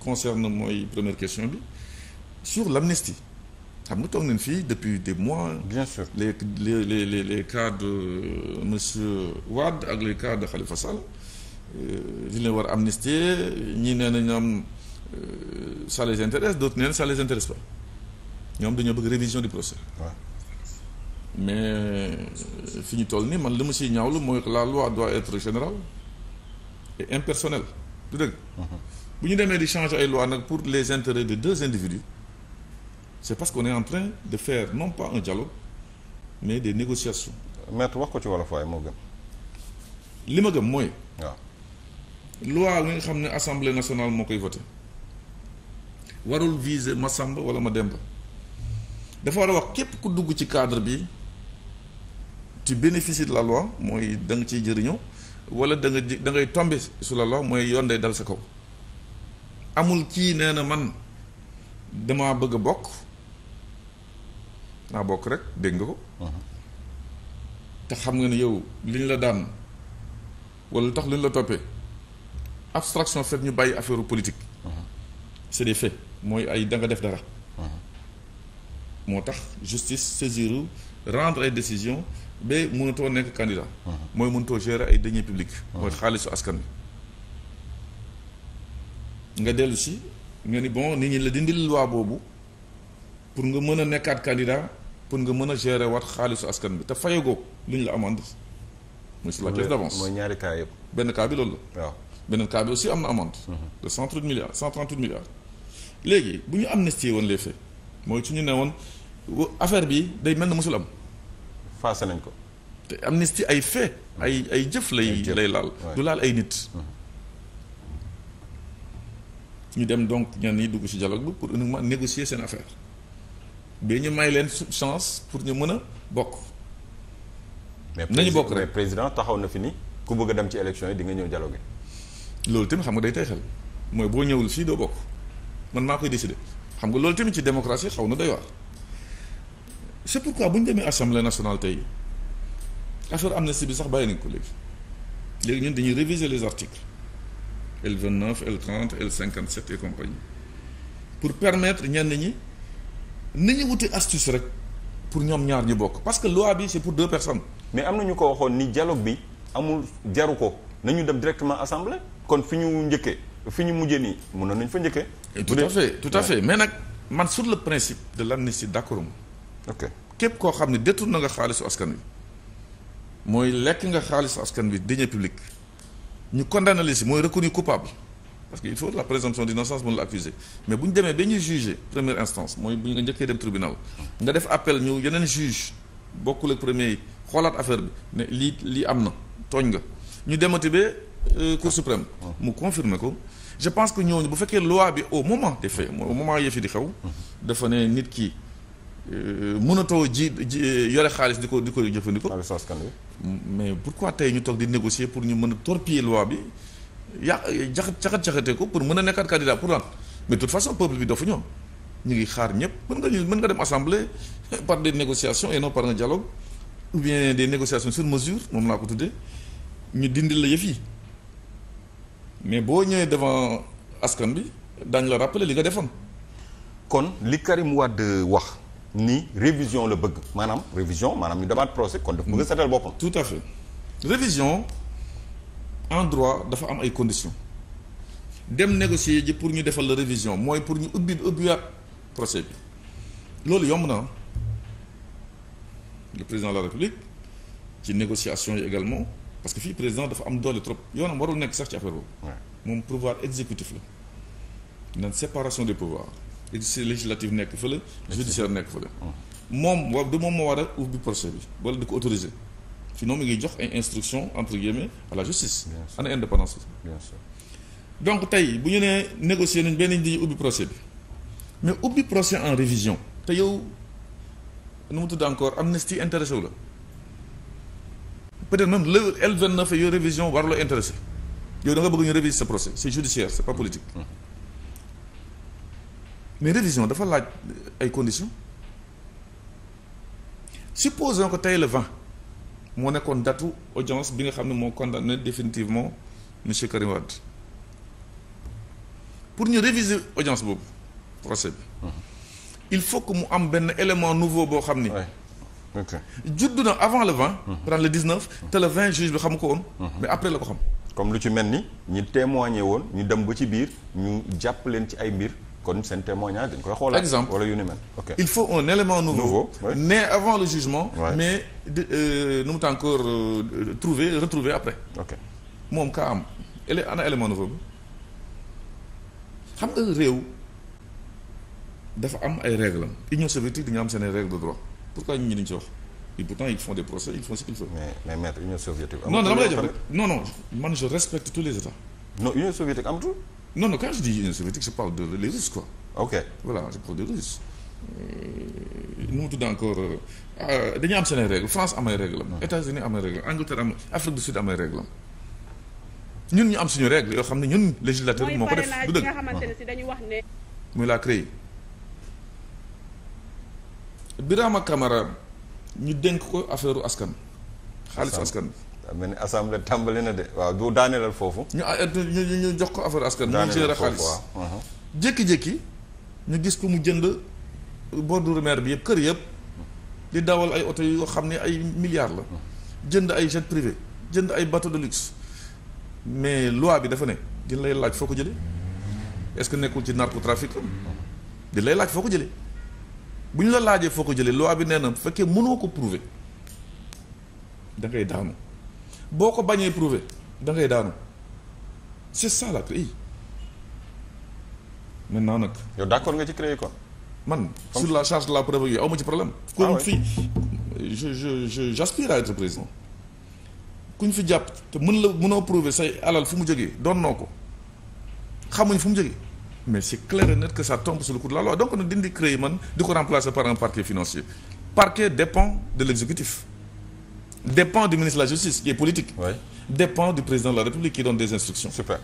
concerne mooy première question bi sur l'amnistie xam nga toog nañ fii depuis des mois. bien sûr les les les les, les cas de monsieur Wade ak les cas de Khalifa Sall euh, war amnistier ñii nee nañ am euh, ça les intéresse d'autres nee na les intéresse pas ñoom dañoo bëgg révision du procès. waaw mais euh, fi ñu toll nii man li ma siy ñaawlu mooy la loi doit être générale et impersonnelle du dëgg. Mm-hmm. bu ñu demee di changer ay loi nag pour les intérêts de deux individus c'est parce que est en de faire non pas un dialogue mais des négociations. maître wax ko ci wolof waaye moo gën. li ma gëm mooy. waaw. loi nga xam ne assemblée nationale moo koy voté warul viser ma Samba wala ma Demba dafa war a wax képp ku dugg ci cadre bi tu bénéficies de la loi mooy da nga ciy jëriñoo wala da nga da ngay tomber la loi mooy yoon day dal sa kaw. amul kii nee na man dama bëgg a bokk naa bokk rek dégg nga ko uh-huh. te xam nga ni yow li ñu la daan wala lu tax li ñu la toppee abstraction faite ñu bàyyi affaire politique uh-huh. c'est des fait mooy ay danga nga def dara uh-huh. moo tax justice saisiru rendre ay décision ba mënatoo nekk candidat mooy mënatoo gérer ay deniers publics mooy xaalisu askan bi nga dellu si nga ni bon nit ñi la dindil loi boobu pour nga mën a nekkaat candidat pour nga mën a gérer waat xaalisu askan bi te fayagoo lu ñu la amande. mooy sur la caisse d'avance mooy ñaari benn kaa bi loolu benn waaw beneen bi aussi am na amende. Mhm. de cent trente milliards cent trente léegi bu ñu amnistie woon les faits mooy su ñu ne woon affaire bi day mel na mosul am. faase nañ ko. te amnistie ay faits. ay ay jëf lay lay laal. du laal ay nit. Mhm. ñu dem donc ñan ñi dugg ci dialogue bi pour uniquement négocier seen affaire ba ñu may leen chance pour ñu mën a bokk. nañu bokk rek président taxaw na fi nii ku bëgg a dem ci élection yi di nga ñëw dialogue loolu tamit xam nga day tey xel mooy boo ñëwul fii doo bokk man maa koy décider xam nga loolu tamit ci démocratie xaw na doy waar. c'est pourquoi bu ñu demee assemblée nationale tey affaire amnistie bi sax bàyyi nañ ko léegi léegi ñun dañuy réviser les articles. L29 L30 L57 et compagnie pour permettre ñenn ñi nañu wuti astuce rek pour ñoom ñaar ñu bokk parce que loi bi c'est pour deux personnes. mais am na ñu ko waxoon ni dialogue bi amul jaru ko na nañu dem directement assemblée kon fi ñu njëkkee fi ñu mujjee nii mënoon nañu fa njëkkee. tout à fait tout à fait mais nag man sur le principe de l'amnistie d'accord ok képp koo xam ne détourné nga xaalisu askan wi mooy lekk nga xaalisu askan wi deniers publics. ñu condamné la si mooy reconnu coupable parce que il faut la présomption d'innocence mën la accuser mais bu ñu demee ba ñuy juger première instance mooy bu ñu nga njëkkee dem tribunal nga def appel ñu yeneen juge bokkul ak premier yi xoolaat affaire bi ne lii lii am na tooñ nga ñu demati ba euh, cour suprême mu confirmer ko je pense que ñooñu bu fekkee loi bi au moment des faits au moment yëfi di xew dafa ne nit ki Euh, mënatoo ji yore xaalis di ko di ko jëfandikoo. mais pourquoi tey ñu toog di négocier pour ñu mën a torpiller loi bi ya jaxat caxat caxate ko pour mën a nekkaat candidat pour lan mais de toute façon peuple bi dafa ñoo ñu ngi xaar ñëpp mën nga mën nga dem assemblée par des négociations et non par un dialogue ou bien des négociations sur mesure moom laa ko tuddee ñu dindi la yëf yi mais boo ñëwee devant askan bi daañu la rappeler li nga defan kon li Karim Wade wax. ni révision la bëgg maanaam révision maanaam ñu demaat procès kon dafa bëgg a seetal boppam. tout à fait révision en droit dafa am ay conditions dem négocier ji pour ñu defal la révision mooy pour ñu ubbi ubbiwaat procès bi loolu yomb na le président de la république ci négociation yi également parce que fii président dafa am doole trop yoonam warul nekk sax ci affaire boobu. moom pouvoir exécutif la. naan séparation des pouvoirs. législative nekk fële judiciaire nekk fële ah. moom wa du moom moo war a ubbi procès bi wala di ko autoriser sinon mi ngi jox ay instruction entre guillemets à la justice ana indépendance bi donc tey bu ñu nee négocier nañ benn dañuy ubbi procès bi mais ubbi procès en révision te yow nu mu tudd encore amnistie intéressé wu la peut-être même le L29 yooyu révision war la intéressé yow da nga bëgg ñu réviser sa procès c'est judiciaire c'est pas politique ah. mais révision dafa laaj ay conditions supposons que tey le 20 moo nekkoon datu audience bi nga xam ne moo condamné définitivement monsieur Karim pour ñu réviser audience boobu procès bi mhm. il faut que mu am benn élément nouveau boo xam ni juddu na avant le 20 mhm. pendant le 19 te le 20 juge bi xam ko woon mhm. mais après la ko xam comme lu ci mel ni ñi témoigné woon ñu dem ba ci biir ñu jàpp leen ci ay mbir kon seen témoignage dañ koy xoolaat. exemple wala yu ni mel. ok il faut un élément nouveau. nouveau oui. né avant le jugement. Ouais. mais de euh, nu mu tànn encore euh, euh, trouver retrouver après. moom ka am ele ana élément nouveau bi xam nga réew dafa am ay règles am Union soviétique dañu am seen ay de droit pourquoi ñu duñ ci wax. et pourtant ils font des procès ils font ce qu'il faut. mais mais maître Union soviétique. non non non man je respecte tous les États. non Union soviétique amatul. noonu non quand je dis Union euh, soviétique je parle de les Russes quoi. ok voilà je parle des Russes. nu mu tudd encore euh, ah, dañu am seen ay France am ay règles am. États-Unis am ay Angleterre am Afrique du Sud am ay règles ñu am suñu règles yoo xam ne ñun législateur moo ko def du dëgg nga xamante ne si dañu wax ñu dénk ko affaire askan. xaalis askan mel ni assemblée tàmbali na de waaw du daanelal foofu. Ah, ñu ñu jox ko affaire askan. daanelal foofu uh-huh. jékki-jékki ñu gis ko mu jënd bordure bi yëpp kër yëpp di dawal ay oto yoo xam ne ay milliards la jënd ay jet jënd ay bateau de luxe mais loi bi dafa ne jën lay laaj foo ko jëlee est-ce que nekkul ci narcotrafic di lay laaj foo ko jële bu ñu la laajee foo ko jëlee loi bi nee na bu fekkee mënoo ko prouver da daanu. boo ko bañee prouver da ngay daanu c'est ça la CREI maintenant nag. yow d'accord nga ci CREI quoi. man sur la charge de la preuve yooyu ma ci problème. ah kuñ fi président kuñ fi jàpp te mën la mënoo prouver say alal fu mu jógee doon noo ko xamuñ fu mu jege mais c'est clair et net que ça tombe sous le coup de la loi donc nag dindi CREI man di ko remplacer par un parquet financier parquet dépend de l'exécutif. dépend du ministre de la justice qui est politique. dépend du président de la république qui donne des instructions. super